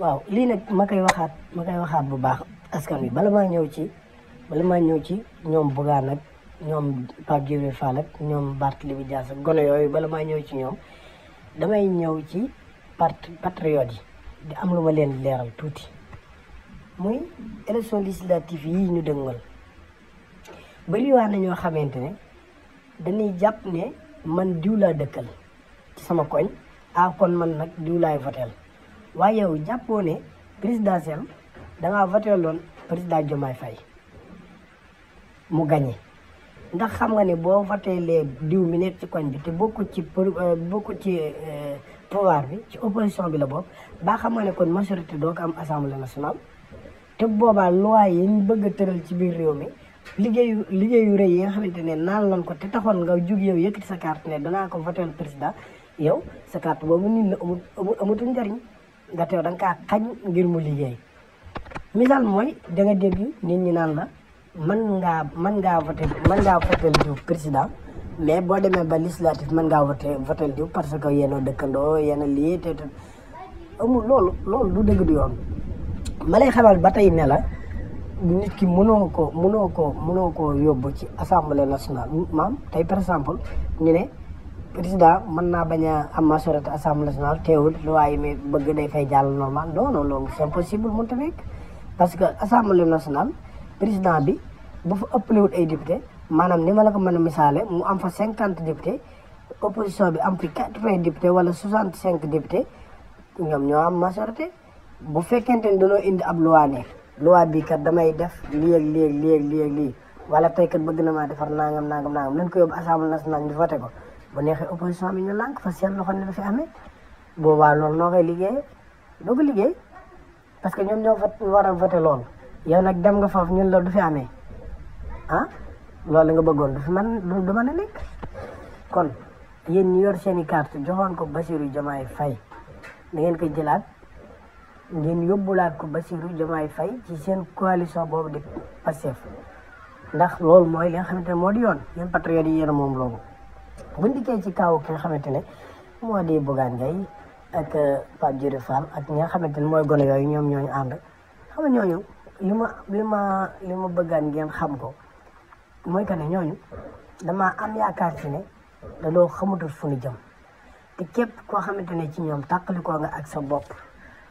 waaw lii nag ma koy waxaat ma koy waxaat bu baax askan wi bala maa ñëw ci bala maa ñëw ci ñoom Bougane ak ñoom Pape Djibril Fall ak ñoom Barthélémy Dias yooyu bala maa ñëw ci ñoom damay ñëw ci parti patriote yi di am lu ma leen leeral tuuti muy élection législative yi ñu dëngal bariwaan na ñoo xamante ne dañuy jàpp ne man diw laa dëkkal ci sama koñ ah kon man nag diw laay voteel waaye yow jàppoo ne président da ngaa voté loon président Diomaye fay mu gagné ndax xam nga ne boo voté lee diw mi nekk ci koñ bi te bokkul ci euh, bokkul ci euh, pouvoir bi ci opposition bi la bokk baa xam nga ne kon majorité doo ko am assemblée nationale te boobaa loi yi ñu bëgg a tëral ci biir réew mi liggéeyu liggéeyu rëy yi nga xamante ne naan loon ko te taxoon nga jug yow ci sa carte ne danaa ko voté président yow sa carte boobu nit la amul amul amatul njariñ nga teew da nga kaa ngir mu liggéey misaal mooy da nga dégg nit ñi naan la man ngaa mën ngaa voté mën ngaa voté diw président mais boo demee ba législatif mën ngaa voté voté diw parce que yéen a dëkkandoo yéen a lii te amul loolu loolu du dëgg du yoon ma lay ba tey ne la nit ki mënoo ko mënoo ko mënoo ko yóbbu ci assemblée national maam tey par exemple ñu ne président man naa bañ a am majorité assemblée nationale teewul loi yi muy bëgg day fay jàll normal non non loolu c'est impossible mënut a nekk parce que assemblée nationale président bi bu fa ëppalewul ay député maanaam ni ma la ko mën a misaale mu am fa cinquante député opposition bi am fi quatre-vingts député wala soixante cinq député ñoom ñoo am majorité bu fekkente ni dañoo indi ab loi ne loi bi kat damay def lii ak lii ak lii ak lii wala tey kat bëgg na maa defar nangam nangam nangam lañ ko yóbbu assemblée nationale ñu voté ko bu neexee opposition bi ñu lànk fa seen loxo ne du fi amee boo loolu noo koy liggéey doo ko liggéey parce que ñoom ñoo war a voté loolu yow nag dem nga foofu ñun lool du fi amee ah loolu nga bëggoon du fi man du mën a nekk kon yéen ñu yor seen i carte joxoon ko Bassirou Diomaye fay da ngeen koy jëlaat ngeen yóbbulaat ko Bassirou Diomaye fay ci seen coalition boobu di Pastef ndax loolu mooy li nga xamante ne moo di yoon yéen patriotes yi yéen moom loolu buñ dikkee ci kaw ki nga xamante ne moo di Bougane Gueye ak euh, Pape Djibril ak nga xamante ne mooy gone yooyu ñoom ñooñu ànd xam nga ñooñu li ma li ma li ma bëggaan ngeen xam ko mooy que ne ñooñu dama am yaakaar ci ne dañoo xamutul fu ñu jëm te képp koo xamante ne ci ñoom tàqalikoo nga ak sa bopp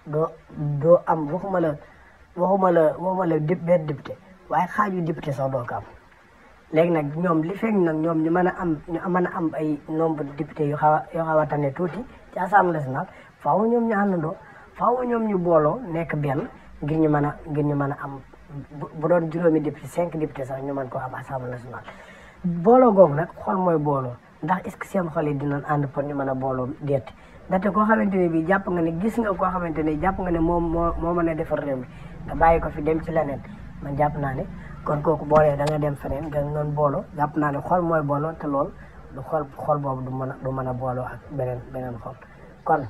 doo doo am waxuma la waxuma la waxuma la benn député waaye xaaju député sax doo am léegi nag ñoom li fekk nag ñoom ñu mën a am ñu mën a am ay nombre de députés yu xaw a yu xaw a tane tuuti ci assemblée nationale faaw ñoom ñu àndandoo faaw ñoom ñu booloo nekk benn ngir ñu mën a ngir ñu mën a am bu doon juróomi député cinq député sax ñu mën koo a assemblée nationale. booloo googu nag xol mooy booloo ndax est-ce que seen xol yi dinañ ànd pour ñu mën a booloo deet ndaxte koo xamante ne bii jàpp nga ne gis nga koo xamante ne jàpp nga ne moom moo moo mën a defar réew mi nga bàyyi ko fi dem ci leneen man jàpp naa ne. kon kooku boole da nga dem feneen nga noon booloo jàpp naa ne xol mooy booloo te lool du xol xol boobu du mën a du mën a booloo ak beneen xol kon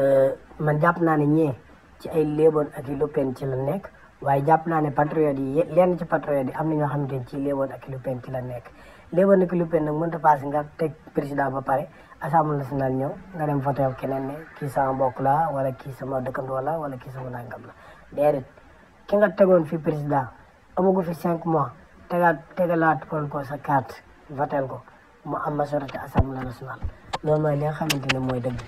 euh, man jàpp naa ne ñee ci ay léeboon ak lu pen ci la nekk waaye jàpp naa ne patriote yi lenn ci patriote yi am na ñoo xamante ne ci léeboon ak i luppeen ci la nekk léeboon ak i luppeen nag mënta si nga teg président ba pare la si nationale ñëw nga dem voté keneen ne kii sama mbokk la wala kii sama dëkkandoo la wala kii sama nangam la déedéet ki nga fi président amagu fi cinq mois tegaat tegalaat kon ko sa carte votel ko mu am majorité assemblée nationale loolu mooy li nga xamante ne mooy dëgg